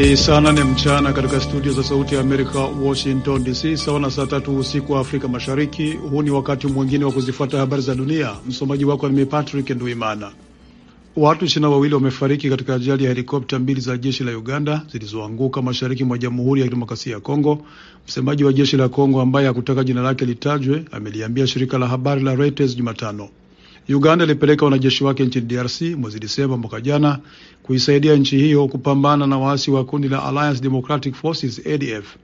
Ni saa nane mchana katika studio za Sauti ya Amerika, Washington DC, sawa na saa tatu usiku wa Afrika Mashariki. Huu ni wakati mwingine wa kuzifuata habari za dunia. Msomaji wako ni mimi Patrick Nduimana. Watu ishirini na wawili wamefariki katika ajali ya helikopta mbili za jeshi la Uganda zilizoanguka mashariki mwa Jamhuri ya Kidemokrasia ya Kongo. Msemaji wa jeshi la Kongo ambaye hakutaka jina lake litajwe ameliambia shirika la habari la Reuters Jumatano. Uganda ilipeleka wanajeshi wake nchini DRC mwezi Disemba mwaka jana kuisaidia nchi hiyo kupambana na waasi wa kundi la Alliance Democratic Forces ADF.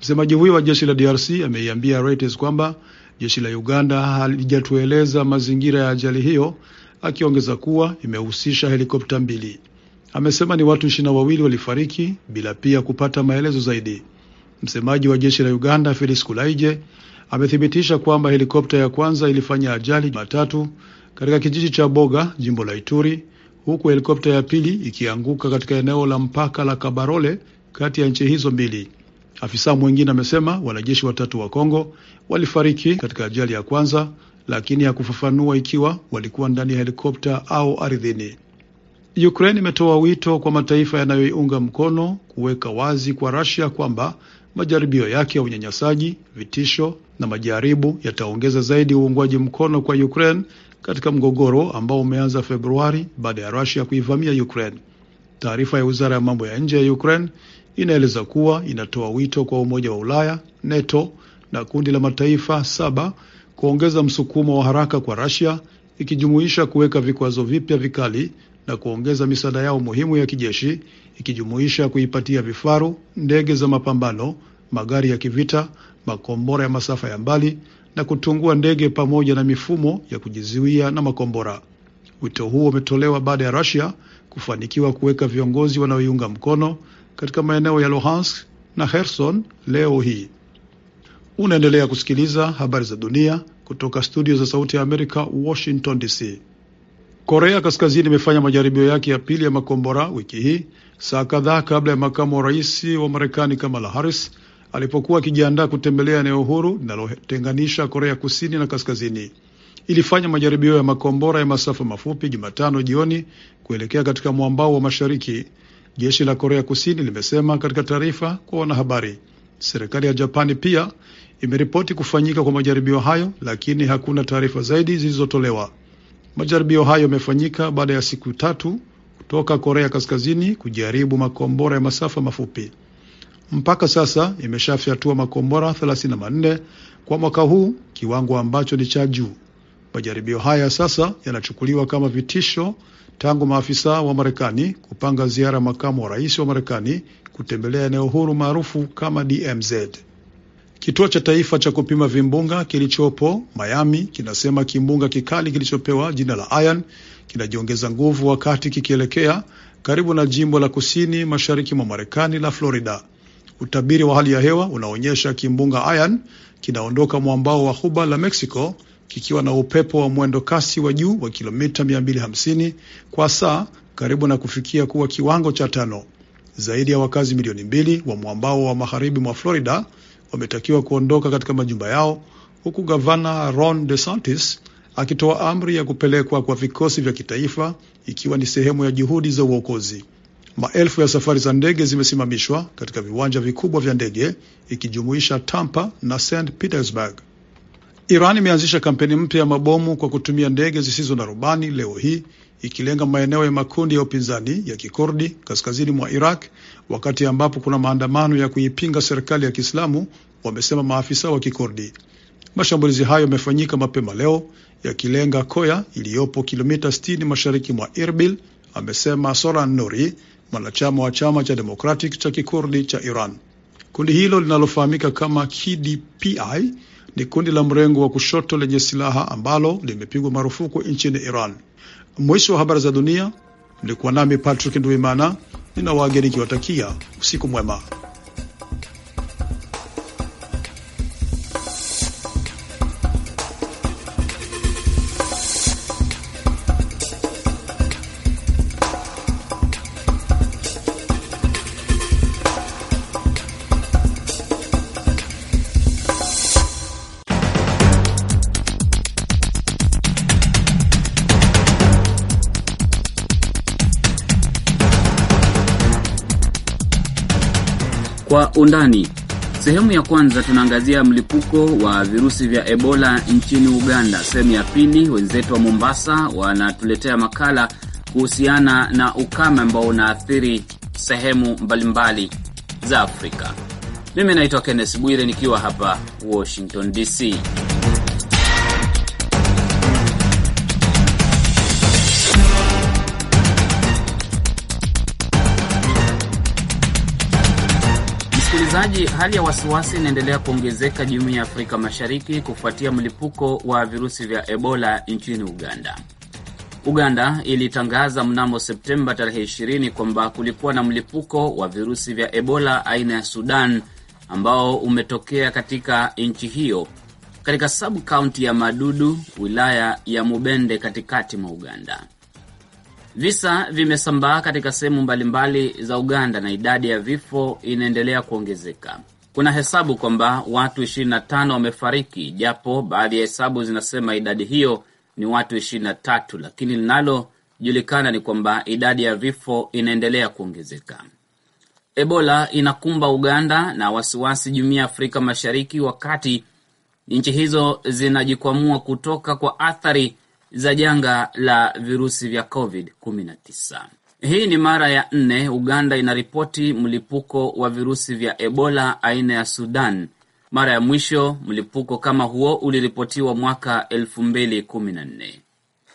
Msemaji huyo wa jeshi la DRC ameiambia Reuters kwamba jeshi la Uganda halijatueleza mazingira ya ajali hiyo, akiongeza kuwa imehusisha helikopta mbili. Amesema ni watu ishirini na wawili walifariki bila pia kupata maelezo zaidi. Msemaji wa jeshi la Uganda Felix Kulaije amethibitisha kwamba helikopta ya kwanza ilifanya ajali Jumatatu katika kijiji cha Boga, jimbo la Ituri, huku helikopta ya pili ikianguka katika eneo la mpaka la Kabarole kati ya nchi hizo mbili. Afisa mwingine amesema wanajeshi watatu wa Kongo walifariki katika ajali ya kwanza, lakini hakufafanua ikiwa walikuwa ndani ya helikopta au ardhini. Ukraine imetoa wito kwa mataifa yanayoiunga mkono kuweka wazi kwa Russia kwamba majaribio yake ya unyanyasaji, vitisho na majaribu yataongeza zaidi uungwaji mkono kwa Ukraine katika mgogoro ambao umeanza Februari baada ya Russia kuivamia Ukraine. Taarifa ya wizara ya mambo ya nje ya Ukraine inaeleza kuwa inatoa wito kwa Umoja wa Ulaya, NATO na kundi la mataifa saba kuongeza msukumo wa haraka kwa Russia, ikijumuisha kuweka vikwazo vipya vikali na kuongeza misaada yao muhimu ya kijeshi, ikijumuisha kuipatia vifaru, ndege za mapambano, magari ya kivita makombora ya masafa ya mbali na kutungua ndege pamoja na mifumo ya kujizuia na makombora. Wito huo umetolewa baada ya Russia kufanikiwa kuweka viongozi wanaoiunga mkono katika maeneo ya Luhansk na Kherson leo hii. Unaendelea kusikiliza habari za dunia kutoka studio za sauti ya Amerika, Washington DC. Korea Kaskazini imefanya majaribio yake ya pili ya makombora wiki hii, saa kadhaa kabla ya makamu wa rais wa Marekani Kamala Harris alipokuwa akijiandaa kutembelea eneo huru linalotenganisha Korea Kusini na Kaskazini. Ilifanya majaribio ya makombora ya masafa mafupi Jumatano jioni kuelekea katika mwambao wa mashariki, jeshi la Korea Kusini limesema katika taarifa kwa wanahabari. Serikali ya Japani pia imeripoti kufanyika kwa majaribio hayo, lakini hakuna taarifa zaidi zilizotolewa. Majaribio hayo yamefanyika baada ya siku tatu kutoka Korea Kaskazini kujaribu makombora ya masafa mafupi mpaka sasa imeshafyatua makombora 34 kwa mwaka huu, kiwango ambacho ni cha juu. Majaribio haya sasa yanachukuliwa kama vitisho tangu maafisa wa Marekani kupanga ziara makamu wa rais wa Marekani kutembelea eneo huru maarufu kama DMZ. Kituo cha taifa cha kupima vimbunga kilichopo Miami kinasema kimbunga kikali kilichopewa jina la Ian kinajiongeza nguvu wakati kikielekea karibu na jimbo la kusini mashariki mwa Marekani la Florida. Utabiri wa hali ya hewa unaonyesha kimbunga Ian kinaondoka mwambao wa huba la Mexico kikiwa na upepo wa mwendo kasi wa juu wa kilomita 250 kwa saa, karibu na kufikia kuwa kiwango cha tano. Zaidi ya wakazi milioni mbili wa mwambao wa magharibi mwa Florida wametakiwa kuondoka katika majumba yao, huku gavana Ron DeSantis akitoa amri ya kupelekwa kwa vikosi vya kitaifa ikiwa ni sehemu ya juhudi za uokozi. Maelfu ya safari za ndege zimesimamishwa katika viwanja vikubwa vya ndege ikijumuisha Tampa na St Petersburg. Iran imeanzisha kampeni mpya ya mabomu kwa kutumia ndege zisizo na rubani leo hii ikilenga maeneo ya makundi ya upinzani ya Kikurdi kaskazini mwa Iraq, wakati ambapo kuna maandamano ya kuipinga serikali ya Kiislamu, wamesema maafisa wa Kikurdi. Mashambulizi hayo yamefanyika mapema leo yakilenga Koya iliyopo kilomita 60 mashariki mwa Irbil, amesema Soran Nuri, mwanachama wa chama cha Democratic cha Kikurdi cha Iran. Kundi hilo linalofahamika kama KDPI ni kundi la mrengo wa kushoto lenye silaha ambalo limepigwa marufuku nchini Iran. Mwisho wa habari za dunia. Mlikuwa nami Patrick nduimana nina wageni kiwatakia usiku mwema. undani. Sehemu ya kwanza tunaangazia mlipuko wa virusi vya Ebola nchini Uganda. Sehemu ya pili, wenzetu wa Mombasa wanatuletea makala kuhusiana na ukame ambao unaathiri sehemu mbalimbali za Afrika. Mimi naitwa Kenneth Bwire nikiwa hapa Washington DC. Msikilizaji, hali ya wasiwasi inaendelea kuongezeka jumuiya ya Afrika Mashariki kufuatia mlipuko wa virusi vya Ebola nchini Uganda. Uganda ilitangaza mnamo Septemba tarehe 20 kwamba kulikuwa na mlipuko wa virusi vya Ebola aina ya Sudan ambao umetokea katika nchi hiyo katika sabkaunti kaunti ya Madudu, wilaya ya Mubende, katikati mwa Uganda. Visa vimesambaa katika sehemu mbalimbali za Uganda na idadi ya vifo inaendelea kuongezeka. Kuna hesabu kwamba watu 25 wamefariki, japo baadhi ya hesabu zinasema idadi hiyo ni watu 23, lakini linalojulikana ni kwamba idadi ya vifo inaendelea kuongezeka. Ebola inakumba Uganda na wasiwasi jumuiya ya Afrika Mashariki, wakati nchi hizo zinajikwamua kutoka kwa athari za janga la virusi vya Covid 19. Hii ni mara ya nne Uganda inaripoti mlipuko wa virusi vya Ebola aina ya Sudan. Mara ya mwisho mlipuko kama huo uliripotiwa mwaka 2014.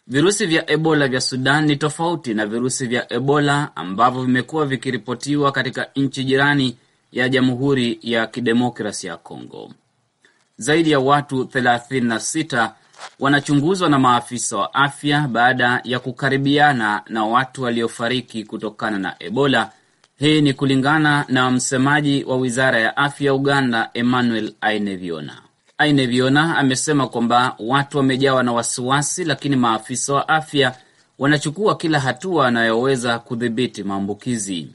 Virusi vya Ebola vya Sudan ni tofauti na virusi vya Ebola ambavyo vimekuwa vikiripotiwa katika nchi jirani ya Jamhuri ya Kidemokrasia ya Kongo. Zaidi ya watu 36 Wanachunguzwa na maafisa wa afya baada ya kukaribiana na watu waliofariki kutokana na Ebola. Hii ni kulingana na msemaji wa Wizara ya Afya Uganda, Emmanuel Aineviona. Aineviona amesema kwamba watu wamejawa na wasiwasi, lakini maafisa wa afya wanachukua kila hatua wanayoweza kudhibiti maambukizi.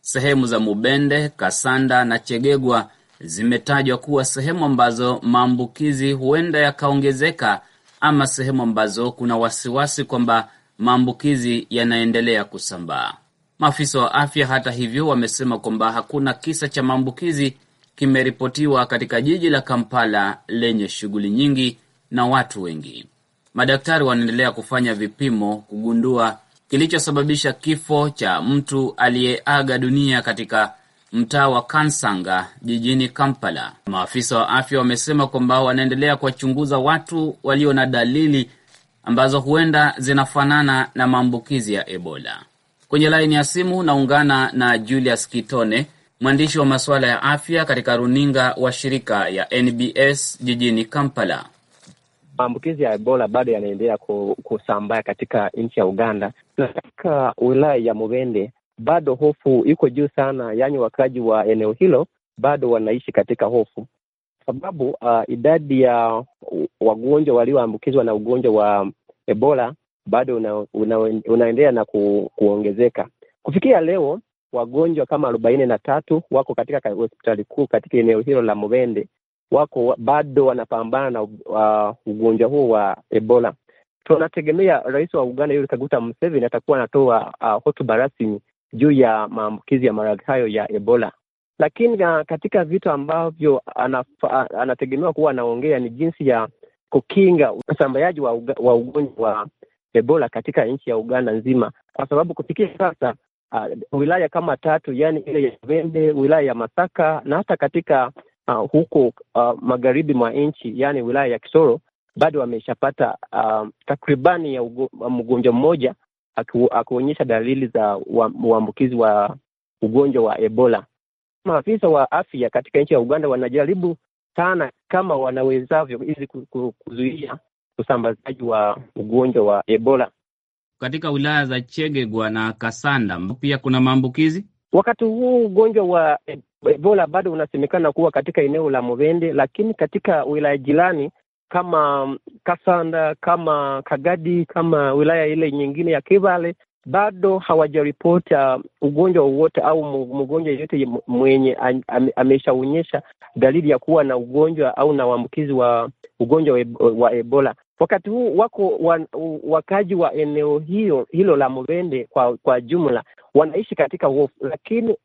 Sehemu za Mubende, Kasanda na Chegegwa zimetajwa kuwa sehemu ambazo maambukizi huenda yakaongezeka ama sehemu ambazo kuna wasiwasi kwamba maambukizi yanaendelea kusambaa. Maafisa wa afya, hata hivyo, wamesema kwamba hakuna kisa cha maambukizi kimeripotiwa katika jiji la Kampala lenye shughuli nyingi na watu wengi. Madaktari wanaendelea kufanya vipimo kugundua kilichosababisha kifo cha mtu aliyeaga dunia katika mtaa wa Kansanga jijini Kampala. Maafisa wa afya wamesema kwamba wanaendelea kuwachunguza watu walio na dalili ambazo huenda zinafanana na maambukizi ya Ebola. Kwenye laini ya simu naungana na Julius Kitone, mwandishi wa masuala ya afya katika runinga wa shirika ya NBS jijini Kampala. Maambukizi ya Ebola bado yanaendelea kusambaa katika nchi ya Uganda na katika wilaya ya Mubende bado hofu iko juu sana, yaani wakaji wa eneo hilo bado wanaishi katika hofu sababu uh, idadi ya wagonjwa walioambukizwa na ugonjwa wa Ebola bado una, una, unaendelea na ku, kuongezeka. Kufikia leo wagonjwa kama arobaini na tatu wako katika hospitali kuu katika eneo hilo la Mubende, wako bado wanapambana na uh, ugonjwa huo wa Ebola. Tunategemea rais wa Uganda Yoweri Kaguta Museveni atakuwa anatoa uh, hotuba rasmi juu ya maambukizi ya maradhi hayo ya Ebola. Lakini uh, katika vitu ambavyo anategemewa kuwa anaongea ni jinsi ya kukinga usambayaji wa, wa ugonjwa wa Ebola katika nchi ya Uganda nzima, kwa sababu kufikia sasa uh, wilaya kama tatu, yani ile ya Vende, wilaya ya Masaka na hata katika uh, huko uh, magharibi mwa nchi, yani wilaya ya Kisoro bado wameshapata uh, takribani ya mgonjwa mmoja aku, dalili za uambukizi wa, wa ugonjwa wa Ebola. Maafisa wa afya katika nchi ya Uganda wanajaribu sana kama wanawezavyo ili kuzuia usambazaji wa ugonjwa wa Ebola katika wilaya za Chegegwa na Kasanda. Pia kuna maambukizi. Wakati huu ugonjwa wa Ebola bado unasemekana kuwa katika eneo la Mubende, lakini katika wilaya jirani kama Kasanda, kama Kagadi, kama wilaya ile nyingine ya Kivale bado hawajaripoti uh, ugonjwa wowote au mgonjwa yeyote mwenye ameshaonyesha dalili ya kuwa na ugonjwa au na uambukizi wa ugonjwa wa Ebola. Wakati huu wako wakaji wa eneo hiyo hilo la Mubende kwa, kwa jumla wanaishi katika hofu, lakini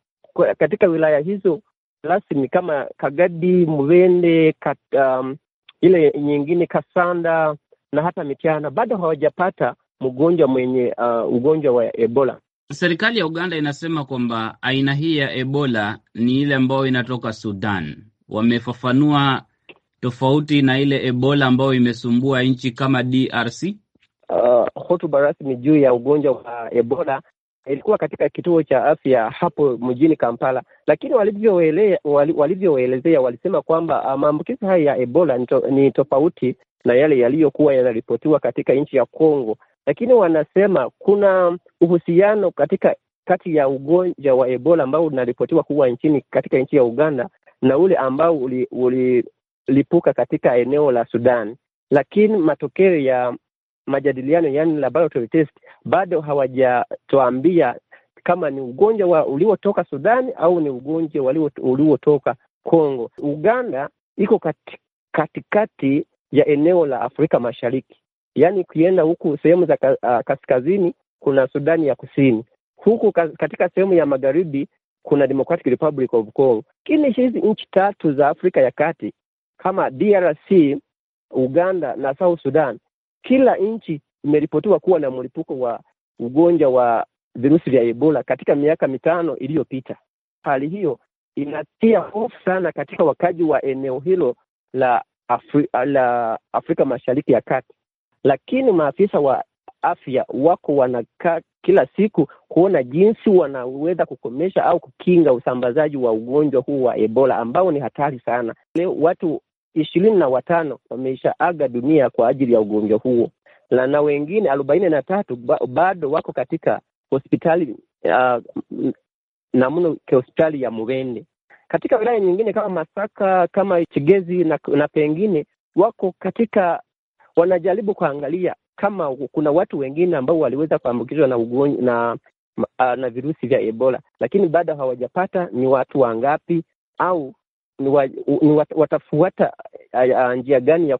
katika wilaya hizo rasmi kama Kagadi, Mubende kat, um, ile nyingine kasanda na hata michana bado hawajapata mgonjwa mwenye uh, ugonjwa wa Ebola. Serikali ya Uganda inasema kwamba aina hii ya Ebola ni ile ambayo inatoka Sudan. Wamefafanua tofauti na ile Ebola ambayo imesumbua nchi kama DRC. Uh, hotuba rasmi juu ya ugonjwa wa Ebola ilikuwa katika kituo cha afya hapo mjini Kampala, lakini walivyoelezea wali, walisema kwamba ah, maambukizi haya ya Ebola ni, to, ni tofauti na yale yaliyokuwa yanaripotiwa katika nchi ya Kongo, lakini wanasema kuna uhusiano katika kati ya ugonjwa wa Ebola ambao unaripotiwa kuwa nchini katika nchi ya Uganda na ule ambao ulilipuka uli, katika eneo la Sudan, lakini matokeo ya majadiliano yani laboratory test, bado hawajatuambia kama ni ugonjwa wa uliotoka Sudani au ni ugonjwa uliotoka Kongo. Uganda iko katikati kati ya eneo la Afrika Mashariki, yaani ukienda huku sehemu za ah, kaskazini kuna Sudani ya Kusini, huku katika sehemu ya magharibi kuna Democratic Republic of Congo. Lakini hizi nchi tatu za Afrika ya kati kama DRC, Uganda na South Sudan kila nchi imeripotiwa kuwa na mlipuko wa ugonjwa wa virusi vya Ebola katika miaka mitano iliyopita. Hali hiyo inatia hofu sana katika wakaji wa eneo hilo la, Afri la Afrika Mashariki ya Kati, lakini maafisa wa afya wako wanakaa kila siku kuona jinsi wanaweza kukomesha au kukinga usambazaji wa ugonjwa huu wa Ebola ambao ni hatari sana. Leo watu ishirini na watano wameishaaga dunia kwa ajili ya ugonjwa huo na, na wengine arobaini na tatu ba, bado wako katika hospitali uh, namno hospitali ya Murende. Katika wilaya nyingine kama Masaka, kama Chigezi na, na pengine wako katika wanajaribu kuangalia kama kuna watu wengine ambao waliweza kuambukizwa na ugonjwa na, na virusi vya Ebola, lakini bado hawajapata ni watu wangapi au ni, wa, ni wat, watafuata njia gani ya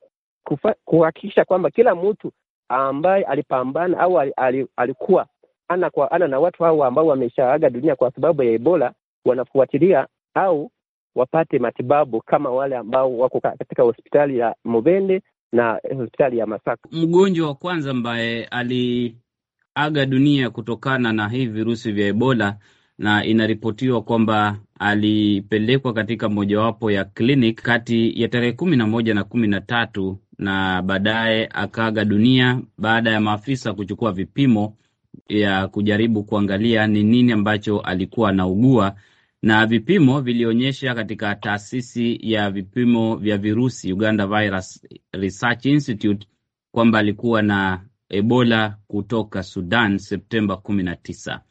kuhakikisha kwamba kila mtu ambaye alipambana au al, al, alikuwa ana kwa ana na watu hao ambao wameshaaga dunia kwa sababu ya Ebola wanafuatilia au wapate matibabu kama wale ambao wako katika hospitali ya Mubende na hospitali ya Masaka. Mgonjwa wa kwanza ambaye aliaga dunia kutokana na hii virusi vya Ebola na inaripotiwa kwamba alipelekwa katika mojawapo ya klinik kati ya tarehe kumi na moja na kumi na tatu na baadaye akaaga dunia baada ya maafisa kuchukua vipimo ya kujaribu kuangalia ni nini ambacho alikuwa anaugua, na vipimo vilionyesha katika taasisi ya vipimo vya virusi Uganda Virus Research Institute kwamba alikuwa na Ebola kutoka Sudan Septemba kumi na tisa.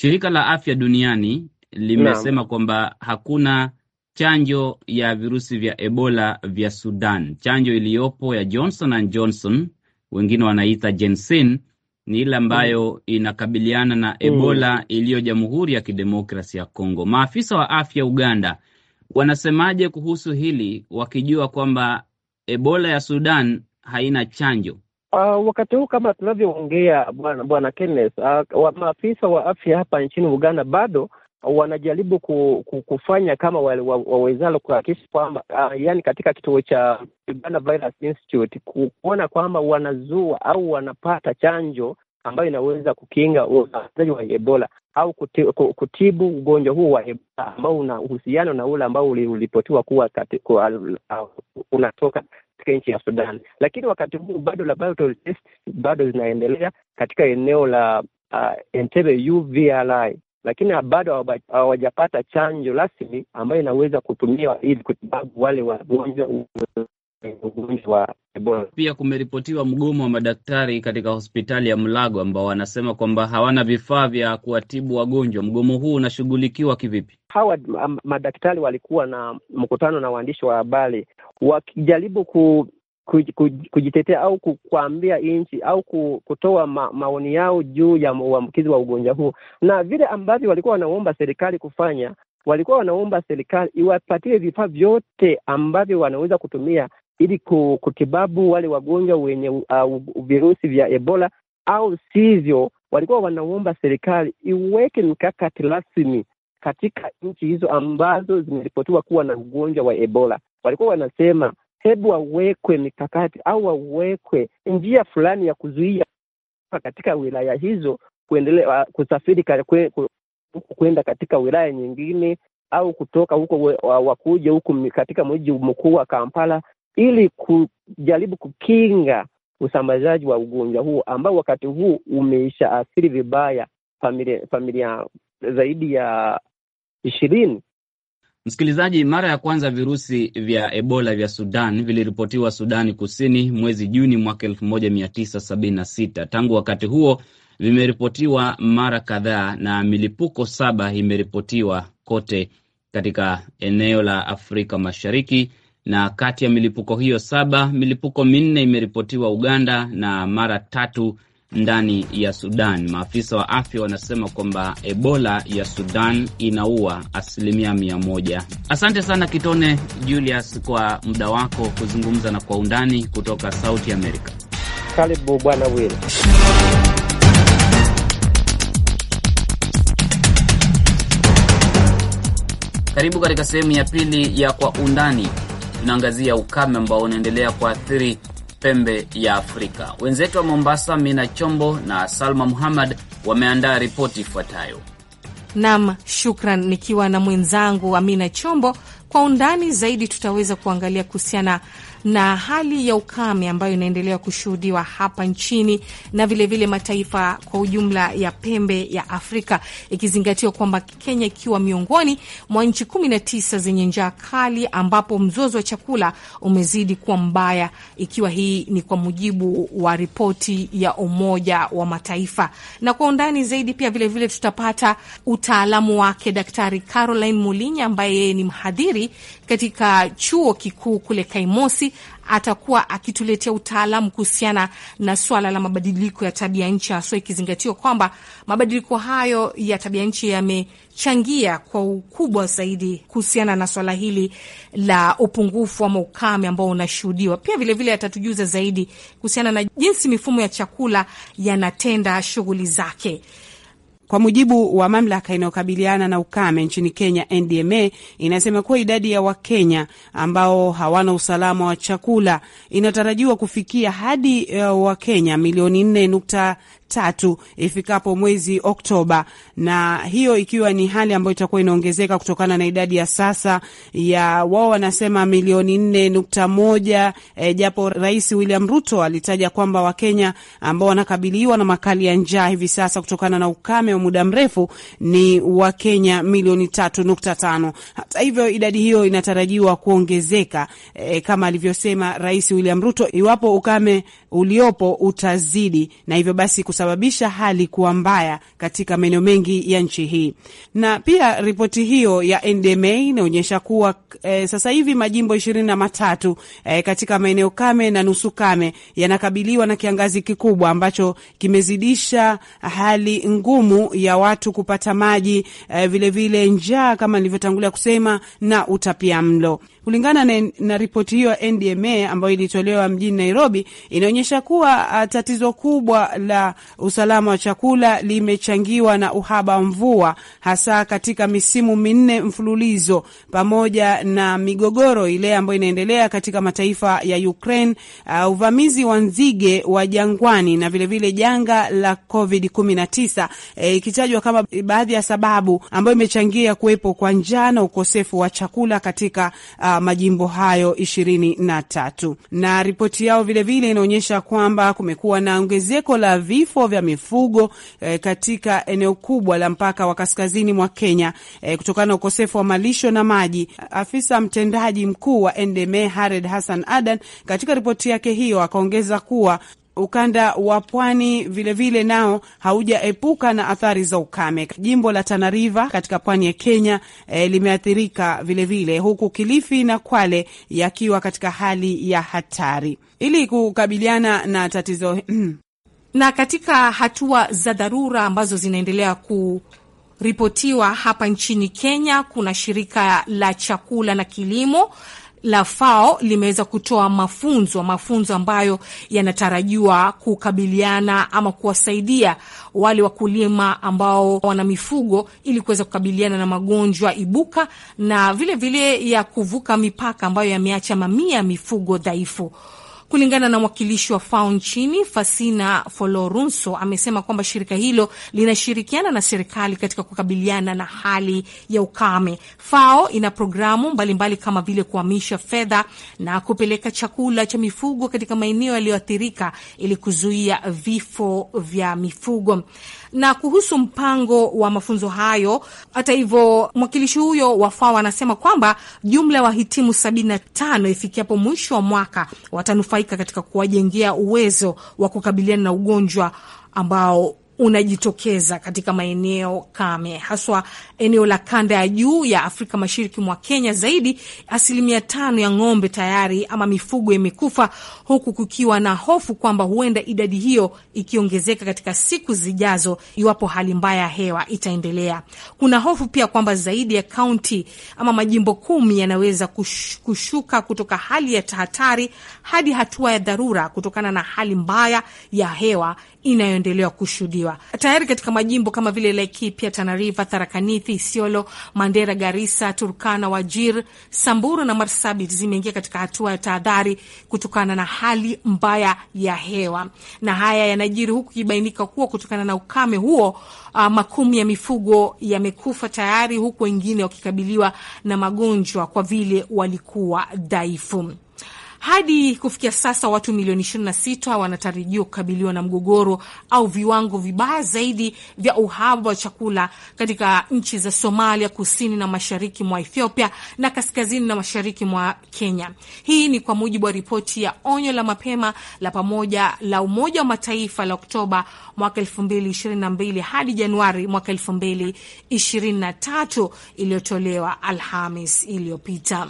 Shirika la Afya Duniani limesema kwamba hakuna chanjo ya virusi vya Ebola vya Sudan. Chanjo iliyopo ya Johnson and Johnson, wengine wanaita jensen ni ile ambayo mm. inakabiliana na mm. Ebola mm, iliyo Jamhuri ya Kidemokrasi ya Kongo. Maafisa wa afya Uganda wanasemaje kuhusu hili, wakijua kwamba Ebola ya Sudan haina chanjo? Uh, wakati huu kama tunavyoongea bwana bwana Kenneth, uh, maafisa wa afya hapa nchini Uganda bado wanajaribu ku, ku, kufanya kama wawezalo wa, kuhakikisha kwamba uh, yani katika kituo cha Uganda Virus Institute kuona kwamba wanazua au wanapata chanjo ambayo inaweza kukinga usambazaji wa Ebola au kutibu, ugonjwa huu wa Ebola ambao una uhusiano na ule ambao ulipotiwa kuwa uh, unatoka katika nchi ya Sudan. Lakini wakati huu bado laboratory bado zinaendelea katika eneo la uh, Entebbe UVRI, lakini bado hawajapata chanjo rasmi ambayo inaweza kutumiwa ili kutibabu wale wagonjwa ugonjwa wa Ebola. Pia kumeripotiwa mgomo wa madaktari katika hospitali ya Mlago ambao wanasema kwamba hawana vifaa vya kuwatibu wagonjwa. Mgomo huu unashughulikiwa kivipi? Hawa madaktari walikuwa na mkutano na waandishi wa habari wakijaribu ku kujitetea au kuambia nchi au kutoa ma, maoni yao juu ya uambukizi wa ugonjwa huu, na vile ambavyo walikuwa wanaomba serikali kufanya, walikuwa wanaomba serikali iwapatie vifaa vyote ambavyo wanaweza kutumia ili kutibabu wale wagonjwa wenye uh, virusi vya Ebola, au sivyo walikuwa wanaomba serikali iweke mikakati rasmi katika nchi hizo ambazo zimeripotiwa kuwa na ugonjwa wa Ebola. Walikuwa wanasema hebu wawekwe mikakati au wawekwe njia fulani ya kuzuia katika wilaya hizo kuendelea uh, kusafiri kwenda katika wilaya nyingine au kutoka huko wakuja huku katika mji mkuu wa Kampala ili kujaribu kukinga usambazaji wa ugonjwa huo ambao wakati huu umeisha athiri vibaya familia, familia zaidi ya ishirini. Msikilizaji, mara ya kwanza virusi vya Ebola vya Sudan viliripotiwa Sudani Kusini mwezi Juni mwaka elfu moja mia tisa sabini na sita. Tangu wakati huo vimeripotiwa mara kadhaa na milipuko saba imeripotiwa kote katika eneo la Afrika Mashariki na kati ya milipuko hiyo saba, milipuko minne imeripotiwa Uganda na mara tatu ndani ya Sudan. Maafisa wa afya wanasema kwamba Ebola ya Sudan inaua asilimia mia moja. Asante sana Kitone Julius kwa muda wako kuzungumza na Kwa Undani kutoka Sauti Amerika. Karibu Bwana Wil. Karibu katika sehemu ya pili ya Kwa Undani tunaangazia ukame ambao unaendelea kuathiri pembe ya Afrika. Wenzetu wa Mombasa, Mina Chombo na Salma Muhammad wameandaa ripoti ifuatayo. Nam, shukran. Nikiwa na mwenzangu Amina Chombo, kwa undani zaidi tutaweza kuangalia kuhusiana na hali ya ukame ambayo inaendelea kushuhudiwa hapa nchini na vilevile vile mataifa kwa ujumla ya pembe ya Afrika, ikizingatiwa kwamba Kenya ikiwa miongoni mwa nchi 19 zenye njaa kali ambapo mzozo wa chakula umezidi kuwa mbaya, ikiwa hii ni kwa mujibu wa ripoti ya Umoja wa Mataifa. Na kwa undani zaidi pia vilevile vile tutapata utaalamu wake Daktari Caroline Mulinya ambaye yeye ni mhadhiri katika chuo kikuu kule Kaimosi atakuwa akituletea utaalamu kuhusiana na swala la mabadiliko ya tabia nchi, haswa ikizingatiwa kwamba mabadiliko hayo ya tabia nchi yamechangia kwa ukubwa zaidi kuhusiana na swala hili la upungufu ama ukame ambao unashuhudiwa. Pia vilevile atatujuza zaidi kuhusiana na jinsi mifumo ya chakula yanatenda shughuli zake. Kwa mujibu wa mamlaka inayokabiliana na ukame nchini Kenya, NDMA inasema kuwa idadi ya Wakenya ambao hawana usalama wa chakula inatarajiwa kufikia hadi uh, Wakenya milioni nne tatu ifikapo mwezi Oktoba, na hiyo ikiwa ni hali ambayo itakuwa inaongezeka kutokana na idadi ya sasa ya wao wanasema milioni nne nukta moja e, japo Rais William Ruto alitaja kwamba Wakenya ambao wanakabiliwa na makali ya njaa hivi sasa kutokana na ukame wa muda mrefu ni Wakenya milioni tatu nukta tano. Hata hivyo idadi hiyo inatarajiwa kuongezeka e, kama alivyosema Rais William Ruto iwapo ukame uliopo utazidi na hivyo basi kusababisha hali kuwa mbaya katika maeneo mengi ya nchi hii. Na pia ripoti hiyo ya NDMA inaonyesha kuwa e, sasa hivi majimbo ishirini na matatu e, katika maeneo kame na nusu kame yanakabiliwa na kiangazi kikubwa ambacho kimezidisha hali ngumu ya watu kupata maji, vilevile eh, vile njaa kama nilivyotangulia kusema na utapia mlo. Kulingana na, na ripoti hiyo ya NDMA ambayo ilitolewa mjini Nairobi, inaonyesha kuwa ah, tatizo kubwa la Usalama wa chakula limechangiwa na uhaba wa mvua, hasa katika misimu minne mfululizo, pamoja na migogoro ile ambayo inaendelea katika mataifa ya Ukraine, uh, uvamizi wa nzige wa jangwani na vilevile vile janga la Covid 19 eh, ikitajwa e, kama baadhi ya sababu ambayo imechangia kuwepo kwa njaa na ukosefu wa chakula katika uh, majimbo hayo ishirini na tatu. Na ripoti yao vilevile inaonyesha kwamba kumekuwa na ongezeko la vifo vifo vya mifugo eh, katika eneo kubwa la mpaka wa kaskazini mwa Kenya eh, kutokana na ukosefu wa malisho na maji. Afisa mtendaji mkuu wa NDMA Hared Hassan Adan katika ripoti yake hiyo akaongeza kuwa ukanda wa pwani vilevile nao haujaepuka na athari za ukame. Jimbo la Tana River katika pwani ya Kenya e, limeathirika vilevile, huku Kilifi na Kwale yakiwa katika hali ya hatari. Ili kukabiliana na tatizo Na katika hatua za dharura ambazo zinaendelea kuripotiwa hapa nchini Kenya, kuna shirika la chakula na kilimo la FAO limeweza kutoa mafunzo, mafunzo ambayo yanatarajiwa kukabiliana ama kuwasaidia wale wakulima ambao wana mifugo ili kuweza kukabiliana na magonjwa ibuka na vilevile vile ya kuvuka mipaka ambayo yameacha mamia mifugo dhaifu. Kulingana na mwakilishi wa FAO nchini Fasina Folorunso, amesema kwamba shirika hilo linashirikiana na serikali katika kukabiliana na hali ya ukame. FAO ina programu mbalimbali mbali kama vile kuhamisha fedha na kupeleka chakula cha mifugo katika maeneo yaliyoathirika ili kuzuia vifo vya mifugo. Na kuhusu mpango wa mafunzo hayo, hata hivyo, mwakilishi huyo wa FAO anasema kwamba jumla ya wahitimu 75 ifikiapo mwisho wa mwaka watanufaika kunufaika katika kuwajengea uwezo wa kukabiliana na ugonjwa ambao unajitokeza katika maeneo kame, haswa eneo la kanda ya juu ya Afrika Mashariki mwa Kenya. Zaidi asilimia tano ya ng'ombe tayari ama mifugo imekufa, huku kukiwa na hofu kwamba huenda idadi hiyo ikiongezeka katika siku zijazo iwapo hali mbaya ya hewa itaendelea. Kuna hofu pia kwamba zaidi ya kaunti ama majimbo kumi yanaweza kush, kushuka kutoka hali ya tahatari hadi hatua ya dharura kutokana na hali mbaya ya hewa inayoendelea kushuhudiwa tayari katika majimbo kama vile Laikipia, Tanariva, Tharakanithi, Isiolo, Mandera, Garisa, Turkana, Wajir, Samburu na Marsabit zimeingia katika hatua ya tahadhari kutokana na hali mbaya ya hewa, na haya yanajiri huku ikibainika kuwa kutokana na ukame huo uh, makumi ya mifugo yamekufa tayari, huku wengine wakikabiliwa na magonjwa kwa vile walikuwa dhaifu. Hadi kufikia sasa watu milioni 26 wanatarajiwa kukabiliwa na mgogoro au viwango vibaya zaidi vya uhaba wa chakula katika nchi za Somalia, kusini na mashariki mwa Ethiopia na kaskazini na mashariki mwa Kenya. Hii ni kwa mujibu wa ripoti ya onyo la mapema la pamoja la Umoja wa Mataifa la Oktoba mwaka 2022 hadi Januari mwaka 2023 iliyotolewa Alhamis iliyopita.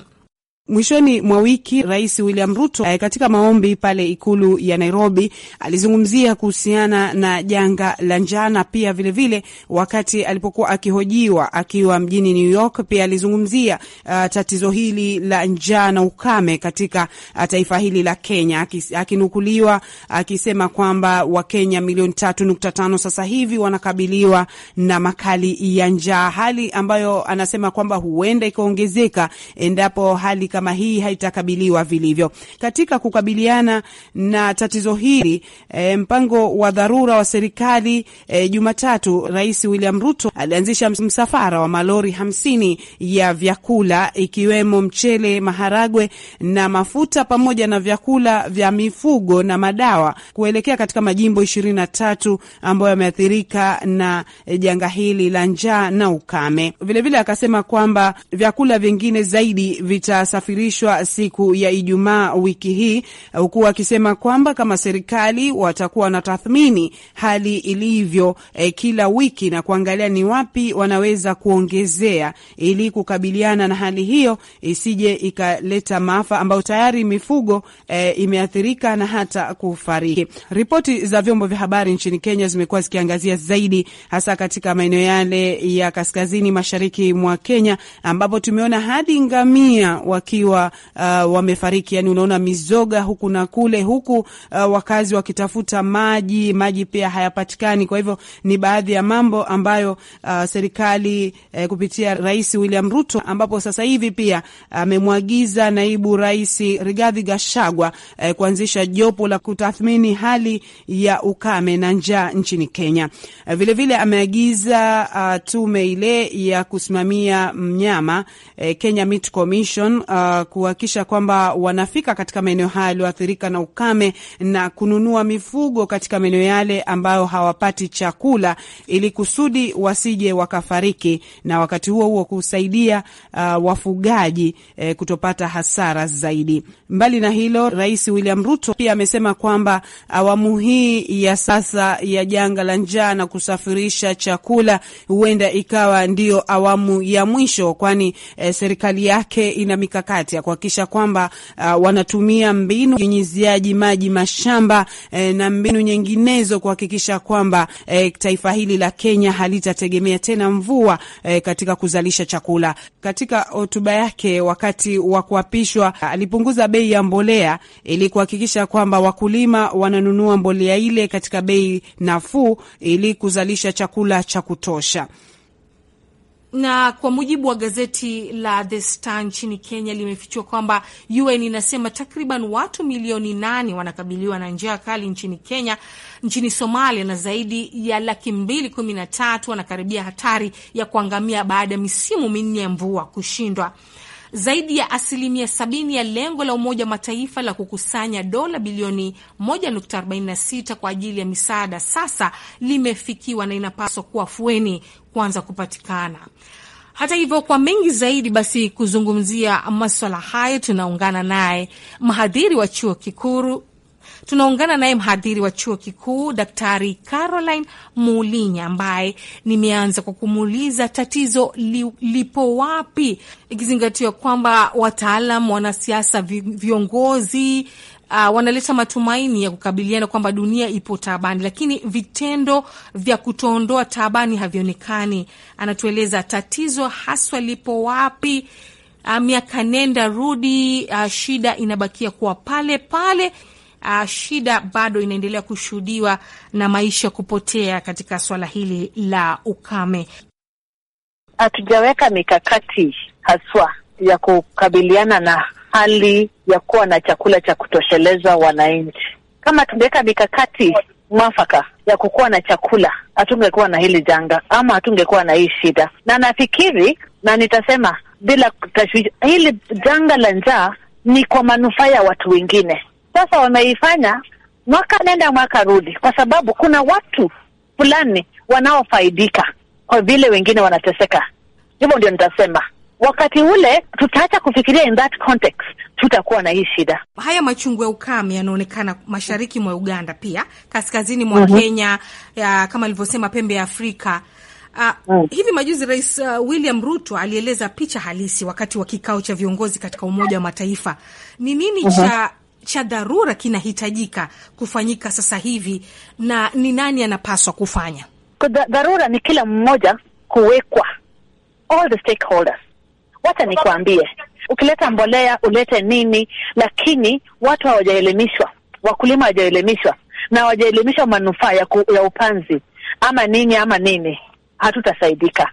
Mwishoni mwa wiki Rais William Ruto eh, katika maombi pale ikulu ya Nairobi alizungumzia kuhusiana na janga la njaa na pia vilevile vile, wakati alipokuwa akihojiwa akiwa mjini New York pia alizungumzia uh, tatizo hili la njaa na ukame katika uh, taifa hili la Kenya, akinukuliwa akisema kwamba Wakenya milioni tatu nukta tano sasa hivi wanakabiliwa na makali ya njaa, hali ambayo anasema kwamba huenda ikaongezeka endapo hali kama hii haitakabiliwa vilivyo. Katika kukabiliana na tatizo hili e, mpango wa dharura wa serikali e, Jumatatu Rais William Ruto alianzisha msafara wa malori hamsini ya vyakula ikiwemo mchele, maharagwe na mafuta pamoja na vyakula vya mifugo na madawa kuelekea katika majimbo ishirini na tatu ambayo yameathirika na e, janga hili la njaa na ukame. Vilevile akasema kwamba vyakula vingine zaidi vitasafirishwa kusafirishwa siku ya Ijumaa wiki hii, huku akisema kwamba kama serikali watakuwa na tathmini hali ilivyo eh, kila wiki na kuangalia ni wapi wanaweza kuongezea ili kukabiliana na hali hiyo isije ikaleta maafa ambayo tayari mifugo eh, imeathirika na hata kufariki. Ripoti za vyombo vya habari nchini Kenya zimekuwa zikiangazia zaidi hasa katika maeneo yale ya kaskazini mashariki mwa Kenya ambapo tumeona hadi ngamia wa wakiwa uh, wamefariki. Yani unaona mizoga huku na kule, huku uh, wakazi wakitafuta maji, maji pia hayapatikani. Kwa hivyo ni baadhi ya mambo ambayo uh, serikali uh, kupitia Rais William Ruto, ambapo sasa hivi pia amemwagiza uh, naibu rais Rigathi Gachagua uh, kuanzisha jopo la kutathmini hali ya ukame na njaa nchini Kenya. Uh, vile ameagiza uh, tume ile ya kusimamia mnyama uh, Kenya Meat Commission uh, Uh, kuhakikisha kwamba wanafika katika maeneo haya yaliyoathirika na ukame na kununua mifugo katika maeneo yale ambayo hawapati chakula ili kusudi wasije wakafariki, na wakati huo huo kusaidia uh, wafugaji eh, kutopata hasara zaidi. Mbali na hilo, Rais William Ruto pia amesema kwamba awamu hii ya sasa ya janga la njaa na kusafirisha chakula huenda ikawa ndiyo awamu ya mwisho, kwani eh, serikali yake ina mikakati mikakati ya kuhakikisha kwamba uh, wanatumia mbinu nyunyiziaji maji mashamba eh, na mbinu nyinginezo kuhakikisha kwamba eh, taifa hili la Kenya halitategemea tena mvua eh, katika kuzalisha chakula. Katika hotuba yake wakati wa kuapishwa, alipunguza bei ya mbolea ili kuhakikisha kwamba wakulima wananunua mbolea ile katika bei nafuu ili kuzalisha chakula cha kutosha na kwa mujibu wa gazeti la The Star nchini Kenya limefichua kwamba UN inasema takriban watu milioni nane wanakabiliwa na njaa kali nchini Kenya, nchini Somalia na zaidi ya laki mbili kumi na tatu wanakaribia hatari ya kuangamia baada ya misimu minne ya mvua kushindwa zaidi ya asilimia sabini ya lengo la Umoja wa Mataifa la kukusanya dola bilioni 1.46 kwa ajili ya misaada sasa limefikiwa na inapaswa kuwa fueni kuanza kupatikana. Hata hivyo, kwa mengi zaidi basi kuzungumzia maswala hayo tunaungana naye mhadhiri wa chuo kikuru Tunaungana naye mhadhiri wa chuo kikuu Daktari Caroline Muulinya, ambaye nimeanza kwa kumuuliza tatizo li, lipo wapi, ikizingatiwa kwamba wataalam, wanasiasa, viongozi Uh, wanaleta matumaini ya kukabiliana kwamba dunia ipo taabani, lakini vitendo vya kutoondoa taabani havionekani. Anatueleza tatizo haswa lipo wapi. Uh, miaka nenda rudi, uh, shida inabakia kuwa pale pale uh, shida bado inaendelea kushuhudiwa na maisha kupotea katika swala hili la ukame. Hatujaweka mikakati haswa ya kukabiliana na hali ya kuwa na chakula cha kutosheleza wananchi. Kama tungeweka mikakati mwafaka ya kukuwa na chakula, hatungekuwa na hili janga ama hatungekuwa na hii shida. Na nafikiri na nitasema bila tashwishi, hili janga la njaa ni kwa manufaa ya watu wengine sasa wameifanya mwaka nenda mwaka rudi, kwa sababu kuna watu fulani wanaofaidika kwa vile wengine wanateseka. Hivyo ndio nitasema wakati ule tutaacha kufikiria in that context, tutakuwa na hii shida. Haya machungu ya ukame yanaonekana mashariki mwa Uganda, pia kaskazini mwa mm -hmm. Kenya ya, kama alivyosema pembe ya Afrika. Uh, mm. Hivi majuzi Rais uh, William Ruto alieleza picha halisi wakati wa kikao cha viongozi katika Umoja wa Mataifa. Ni nini uh -huh. cha mhm cha dharura kinahitajika kufanyika sasa hivi, na ni nani anapaswa kufanya? dharura ni kila mmoja kuwekwa, all the stakeholders. Wacha nikuambie, ukileta mbolea ulete nini, lakini watu hawajaelimishwa, wakulima hawajaelimishwa na hawajaelimishwa manufaa ya, ya upanzi ama nini ama nini, hatutasaidika.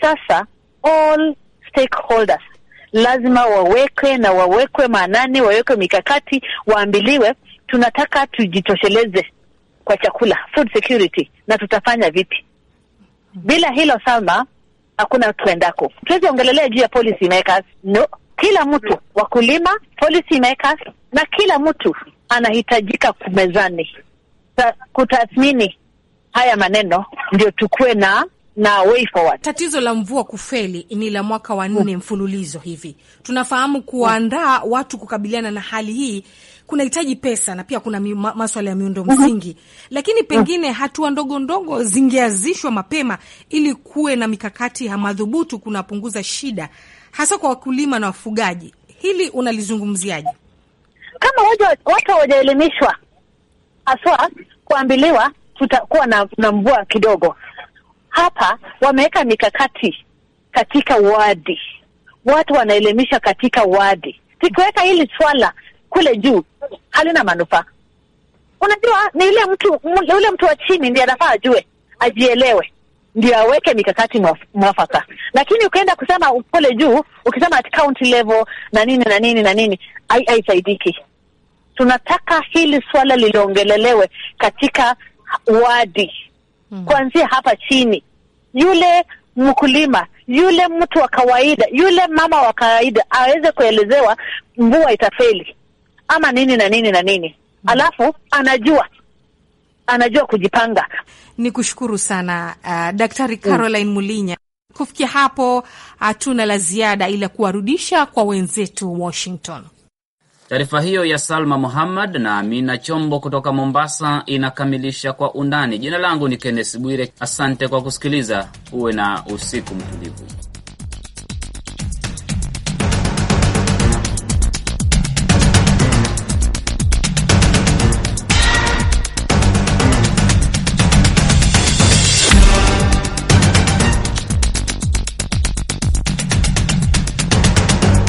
Sasa all stakeholders lazima wawekwe na wawekwe maanani, wawekwe mikakati, waambiliwe tunataka tujitosheleze kwa chakula, food security, na tutafanya vipi? Bila hilo Salma, hakuna tuendako. Tuwezi ongelelea juu ya policy makers. No, kila mtu, wakulima, policy makers, na kila mtu anahitajika kumezani kutathmini haya maneno, ndio tukuwe na na way forward. Tatizo la mvua kufeli ni la mwaka wa nne mfululizo hivi. Tunafahamu mm. watu kukabiliana na hali hii kunahitaji pesa na pia kuna maswala ya miundo mhm. msingi, lakini pengine hatua ndogo ndogo zingeanzishwa mapema ili kuwe na mikakati ya madhubutu kunapunguza shida hasa kwa wakulima na wafugaji. Hili unalizungumziaje? Kama watu hawajaelimishwa haswa kuambiliwa tutakuwa na, na mvua kidogo hapa wameweka mikakati katika wadi, watu wanaelimisha katika wadi. Sikuweka hili swala kule juu, halina manufaa. Unajua, ni ule mtu ule mtu wa chini ndiye anafaa ajue, ajielewe, ndio aweke mikakati mwafaka. Lakini ukienda kusema kule juu, ukisema at county level na nini na nini na nini, haisaidiki. Tunataka hili swala liliongelelewe katika wadi mm. kuanzia hapa chini, yule mkulima, yule mtu wa kawaida, yule mama wa kawaida aweze kuelezewa mvua itafeli ama nini na nini na nini mm. alafu anajua anajua kujipanga. Ni kushukuru sana uh, Daktari mm. Caroline mm. Mulinya. Kufikia hapo hatuna la ziada ila kuwarudisha kwa wenzetu Washington. Taarifa hiyo ya Salma Muhammad na Amina Chombo kutoka Mombasa inakamilisha Kwa Undani. Jina langu ni Kennes Bwire, asante kwa kusikiliza. Uwe na usiku mtulivu.